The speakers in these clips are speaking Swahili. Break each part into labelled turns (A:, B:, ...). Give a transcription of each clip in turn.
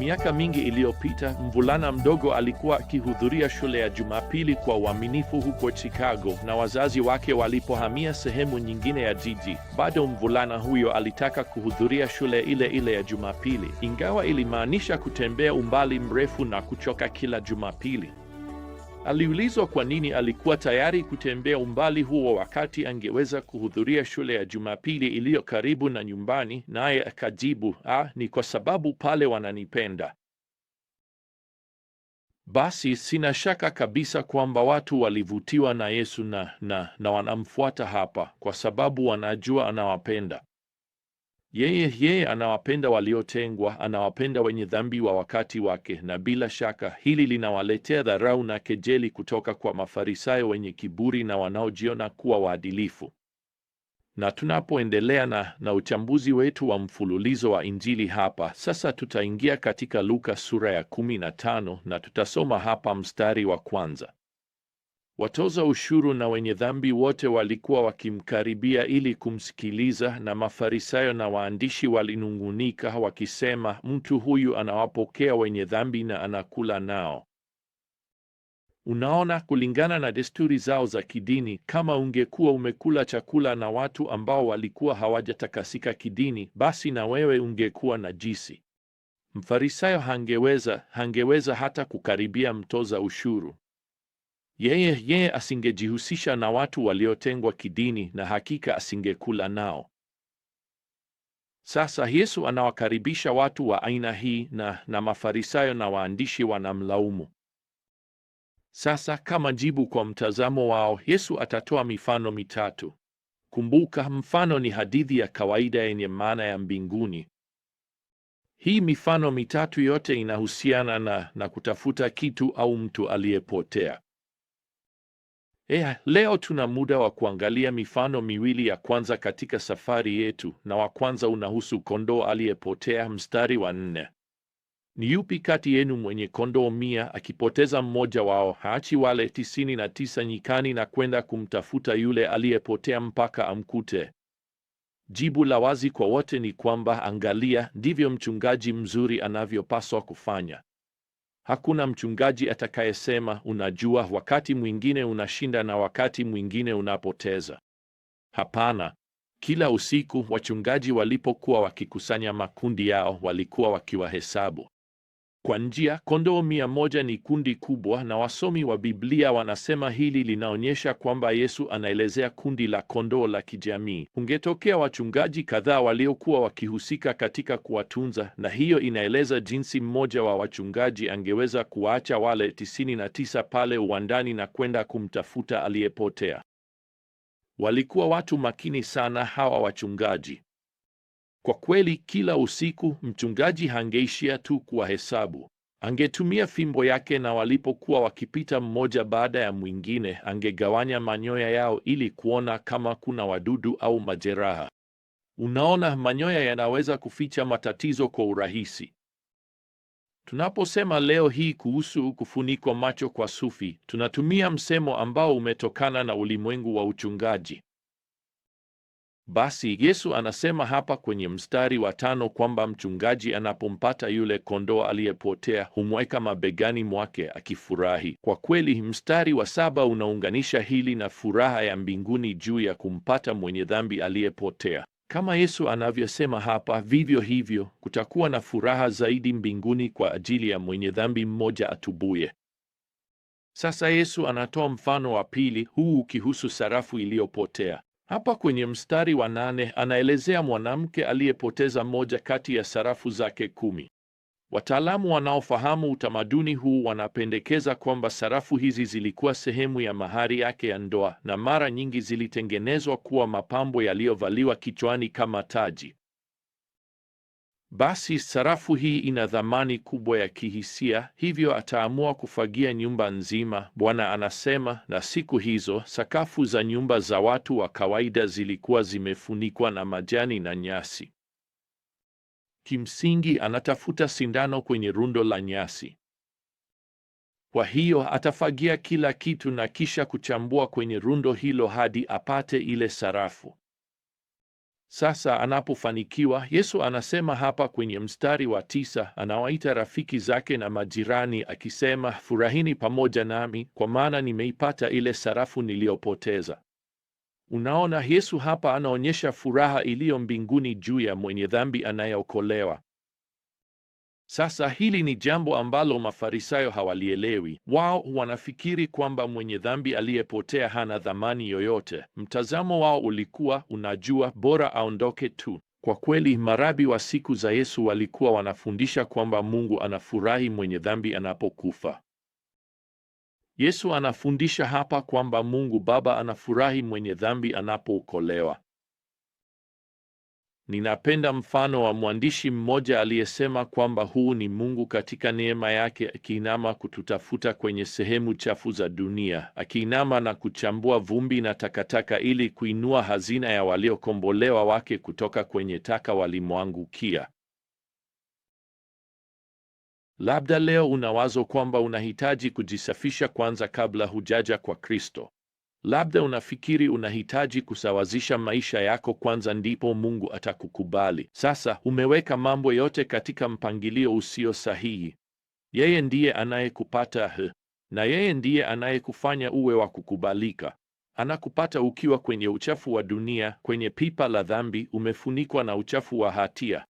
A: Miaka mingi iliyopita, mvulana mdogo alikuwa akihudhuria shule ya Jumapili kwa uaminifu huko Chicago, na wazazi wake walipohamia sehemu nyingine ya jiji, bado mvulana huyo alitaka kuhudhuria shule ile ile ya Jumapili, ingawa ilimaanisha kutembea umbali mrefu na kuchoka kila Jumapili. Aliulizwa kwa nini alikuwa tayari kutembea umbali huo wakati angeweza kuhudhuria shule ya Jumapili iliyo karibu na nyumbani, naye akajibu, ah, ni kwa sababu pale wananipenda. Basi sina shaka kabisa kwamba watu walivutiwa na Yesu na na na wanamfuata hapa kwa sababu wanajua anawapenda. Yeye yeye anawapenda waliotengwa, anawapenda wenye dhambi wa wakati wake, na bila shaka hili linawaletea dharau na kejeli kutoka kwa Mafarisayo wenye kiburi na wanaojiona kuwa waadilifu. Na tunapoendelea na, na uchambuzi wetu wa mfululizo wa Injili hapa sasa, tutaingia katika Luka sura ya 15 na tutasoma hapa mstari wa kwanza. Watoza ushuru na wenye dhambi wote walikuwa wakimkaribia ili kumsikiliza, na Mafarisayo na waandishi walinung'unika wakisema, mtu huyu anawapokea wenye dhambi na anakula nao. Unaona, kulingana na desturi zao za kidini, kama ungekuwa umekula chakula na watu ambao walikuwa hawajatakasika kidini, basi na wewe ungekuwa najisi. Mfarisayo hangeweza hangeweza hata kukaribia mtoza ushuru. Yeye yeye asingejihusisha na watu waliotengwa kidini na hakika asingekula nao. Sasa Yesu anawakaribisha watu wa aina hii na na Mafarisayo na waandishi wanamlaumu. Sasa kama jibu kwa mtazamo wao, Yesu atatoa mifano mitatu. Kumbuka, mfano ni hadithi ya kawaida yenye maana ya mbinguni. Hii mifano mitatu yote inahusiana na na kutafuta kitu au mtu aliyepotea. Eh, leo tuna muda wa kuangalia mifano miwili ya kwanza katika safari yetu, na wa kwanza unahusu kondoo aliyepotea, mstari wa nne. Ni yupi kati yenu mwenye kondoo mia akipoteza mmoja wao, haachi wale tisini na tisa nyikani na kwenda kumtafuta yule aliyepotea mpaka amkute? Jibu la wazi kwa wote ni kwamba, angalia, ndivyo mchungaji mzuri anavyopaswa kufanya. Hakuna mchungaji atakayesema, unajua, wakati mwingine unashinda na wakati mwingine unapoteza. Hapana. Kila usiku wachungaji walipokuwa wakikusanya makundi yao, walikuwa wakiwahesabu kwa njia, kondoo mia moja ni kundi kubwa, na wasomi wa Biblia wanasema hili linaonyesha kwamba Yesu anaelezea kundi la kondoo la kijamii. kungetokea wachungaji kadhaa waliokuwa wakihusika katika kuwatunza, na hiyo inaeleza jinsi mmoja wa wachungaji angeweza kuwaacha wale 99 pale uwandani na kwenda kumtafuta aliyepotea. Walikuwa watu makini sana hawa wachungaji. Kwa kweli, kila usiku mchungaji hangeishia tu kuwahesabu. Angetumia fimbo yake, na walipokuwa wakipita mmoja baada ya mwingine, angegawanya manyoya yao ili kuona kama kuna wadudu au majeraha. Unaona, manyoya yanaweza kuficha matatizo kwa urahisi. Tunaposema leo hii kuhusu kufunikwa macho kwa sufi, tunatumia msemo ambao umetokana na ulimwengu wa uchungaji. Basi Yesu anasema hapa kwenye mstari wa tano kwamba mchungaji anapompata yule kondoo aliyepotea humweka mabegani mwake akifurahi. Kwa kweli, mstari wa saba unaunganisha hili na furaha ya mbinguni juu ya kumpata mwenye dhambi aliyepotea. Kama Yesu anavyosema hapa, vivyo hivyo kutakuwa na furaha zaidi mbinguni kwa ajili ya mwenye dhambi mmoja atubuye. Sasa Yesu anatoa mfano wa pili huu ukihusu sarafu iliyopotea. Hapa kwenye mstari wa nane anaelezea mwanamke aliyepoteza moja kati ya sarafu zake kumi. Wataalamu wanaofahamu utamaduni huu wanapendekeza kwamba sarafu hizi zilikuwa sehemu ya mahari yake ya ndoa na mara nyingi zilitengenezwa kuwa mapambo yaliyovaliwa kichwani kama taji. Basi sarafu hii ina thamani kubwa ya kihisia, hivyo ataamua kufagia nyumba nzima. Bwana anasema, na siku hizo sakafu za nyumba za watu wa kawaida zilikuwa zimefunikwa na majani na nyasi. Kimsingi anatafuta sindano kwenye rundo la nyasi. Kwa hiyo atafagia kila kitu na kisha kuchambua kwenye rundo hilo hadi apate ile sarafu. Sasa anapofanikiwa, Yesu anasema hapa kwenye mstari wa tisa, anawaita rafiki zake na majirani akisema, furahini pamoja nami, kwa maana nimeipata ile sarafu niliyopoteza. Unaona, Yesu hapa anaonyesha furaha iliyo mbinguni juu ya mwenye dhambi anayeokolewa. Sasa hili ni jambo ambalo Mafarisayo hawalielewi. Wao wanafikiri kwamba mwenye dhambi aliyepotea hana dhamani yoyote. Mtazamo wao ulikuwa unajua, bora aondoke tu. Kwa kweli, marabi wa siku za Yesu walikuwa wanafundisha kwamba Mungu anafurahi mwenye dhambi anapokufa. Yesu anafundisha hapa kwamba Mungu Baba anafurahi mwenye dhambi anapookolewa. Ninapenda mfano wa mwandishi mmoja aliyesema kwamba huu ni Mungu katika neema yake akiinama kututafuta kwenye sehemu chafu za dunia, akiinama na kuchambua vumbi na takataka ili kuinua hazina ya waliokombolewa wake kutoka kwenye taka walimwangukia. Labda leo unawazo kwamba unahitaji kujisafisha kwanza kabla hujaja kwa Kristo. Labda unafikiri unahitaji kusawazisha maisha yako kwanza, ndipo Mungu atakukubali. Sasa umeweka mambo yote katika mpangilio usio sahihi. Yeye ndiye anayekupata h na yeye ndiye anayekufanya uwe wa kukubalika. Anakupata ukiwa kwenye uchafu wa dunia, kwenye pipa la dhambi, umefunikwa na uchafu wa hatia.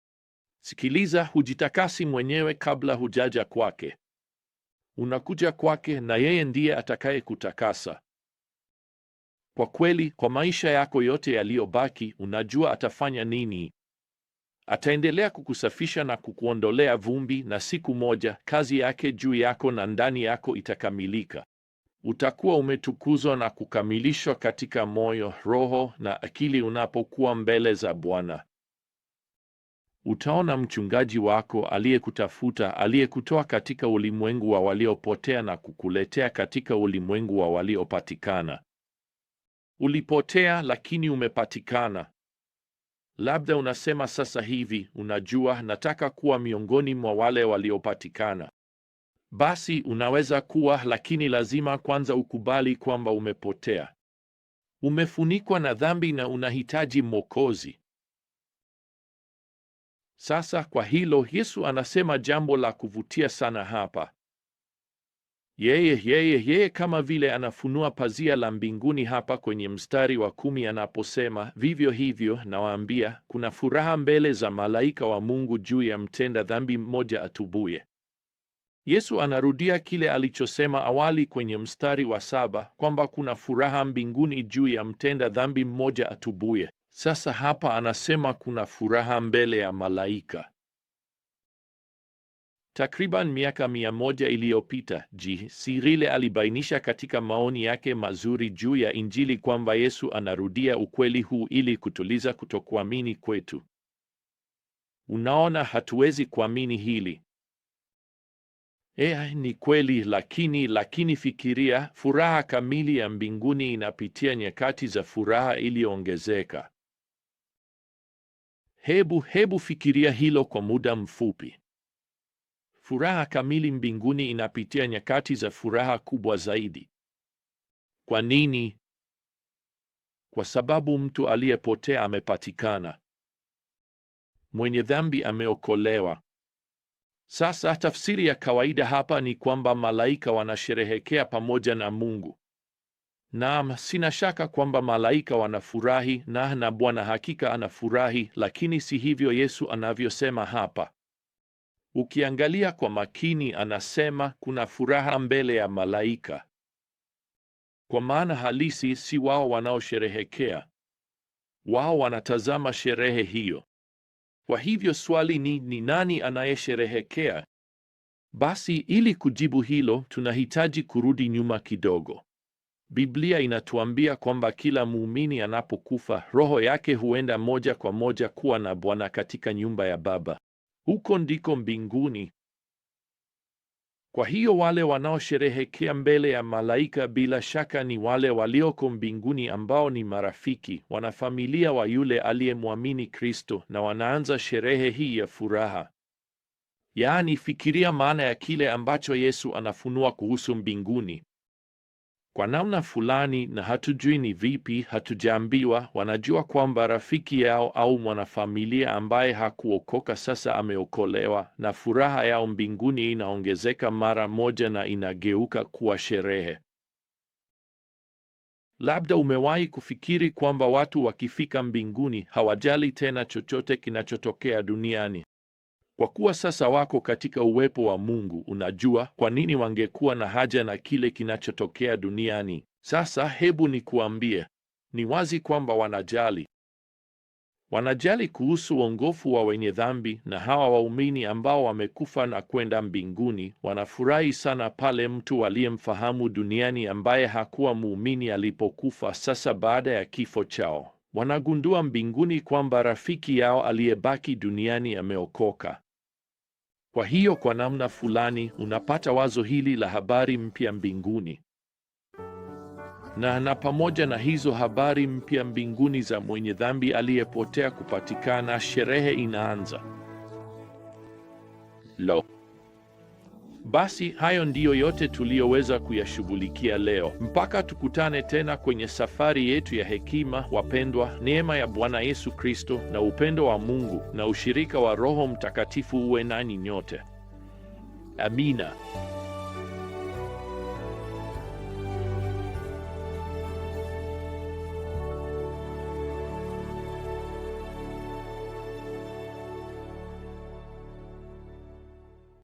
A: Sikiliza, hujitakasi mwenyewe kabla hujaja kwake. Unakuja kwake na yeye ndiye atakayekutakasa. Kwa kweli, kwa maisha yako yote yaliyobaki, unajua atafanya nini? Ataendelea kukusafisha na kukuondolea vumbi, na siku moja kazi yake juu yako na ndani yako itakamilika. Utakuwa umetukuzwa na kukamilishwa katika moyo, roho na akili unapokuwa mbele za Bwana. Utaona mchungaji wako aliyekutafuta, aliyekutoa katika ulimwengu wa waliopotea na kukuletea katika ulimwengu wa waliopatikana. Ulipotea lakini umepatikana. Labda unasema sasa hivi, unajua, nataka kuwa miongoni mwa wale waliopatikana. Basi unaweza kuwa, lakini lazima kwanza ukubali kwamba umepotea. Umefunikwa na dhambi na unahitaji Mwokozi. Sasa kwa hilo Yesu anasema jambo la kuvutia sana hapa. Yeye yeye yeye kama vile anafunua pazia la mbinguni hapa kwenye mstari wa kumi anaposema, vivyo hivyo nawaambia, kuna furaha mbele za malaika wa Mungu juu ya mtenda dhambi mmoja atubuye. Yesu anarudia kile alichosema awali kwenye mstari wa saba kwamba kuna furaha mbinguni juu ya mtenda dhambi mmoja atubuye. Sasa hapa anasema kuna furaha mbele ya malaika. Takriban miaka mia moja iliyopita ji Sirile alibainisha katika maoni yake mazuri juu ya Injili kwamba Yesu anarudia ukweli huu ili kutuliza kutokuamini kwetu. Unaona, hatuwezi kuamini hili. Ea, eh, ni kweli, lakini lakini fikiria, furaha kamili ya mbinguni inapitia nyakati za furaha iliyoongezeka. Hebu hebu fikiria hilo kwa muda mfupi. Furaha kamili mbinguni inapitia nyakati za furaha kubwa zaidi. Kwa nini? Kwa sababu mtu aliyepotea amepatikana, mwenye dhambi ameokolewa. Sasa tafsiri ya kawaida hapa ni kwamba malaika wanasherehekea pamoja na Mungu. Naam, sina shaka kwamba malaika wanafurahi na na Bwana hakika anafurahi, lakini si hivyo Yesu anavyosema hapa. Ukiangalia kwa makini, anasema kuna furaha mbele ya malaika, kwa maana halisi si wao wanaosherehekea, wao wanatazama sherehe hiyo. Kwa hivyo swali ni ni nani anayesherehekea? Basi ili kujibu hilo, tunahitaji kurudi nyuma kidogo. Biblia inatuambia kwamba kila muumini anapokufa roho yake huenda moja kwa moja kuwa na Bwana katika nyumba ya Baba. Huko ndiko mbinguni. Kwa hiyo wale wanaosherehekea mbele ya malaika bila shaka ni wale walioko mbinguni ambao ni marafiki, wanafamilia wa yule aliyemwamini Kristo na wanaanza sherehe hii ya furaha. Yaani, fikiria maana ya kile ambacho Yesu anafunua kuhusu mbinguni kwa namna fulani, na hatujui ni vipi, hatujaambiwa. Wanajua kwamba rafiki yao au mwanafamilia ambaye hakuokoka sasa ameokolewa, na furaha yao mbinguni inaongezeka mara moja na inageuka kuwa sherehe. Labda umewahi kufikiri kwamba watu wakifika mbinguni hawajali tena chochote kinachotokea duniani. Kwa kuwa sasa wako katika uwepo wa Mungu, unajua kwa nini wangekuwa na haja na kile kinachotokea duniani. Sasa hebu nikuambie, ni wazi kwamba wanajali. Wanajali kuhusu uongofu wa wenye dhambi, na hawa waumini ambao wamekufa na kwenda mbinguni wanafurahi sana pale mtu aliyemfahamu duniani ambaye hakuwa muumini alipokufa. Sasa baada ya kifo chao wanagundua mbinguni kwamba rafiki yao aliyebaki duniani ameokoka. Kwa hiyo kwa namna fulani unapata wazo hili la habari mpya mbinguni, na na pamoja na hizo habari mpya mbinguni za mwenye dhambi aliyepotea kupatikana, sherehe inaanza. Lo! Basi hayo ndiyo yote tuliyoweza kuyashughulikia leo. Mpaka tukutane tena kwenye safari yetu ya hekima, wapendwa, neema ya Bwana Yesu Kristo na upendo wa Mungu na ushirika wa Roho Mtakatifu uwe nanyi nyote. Amina.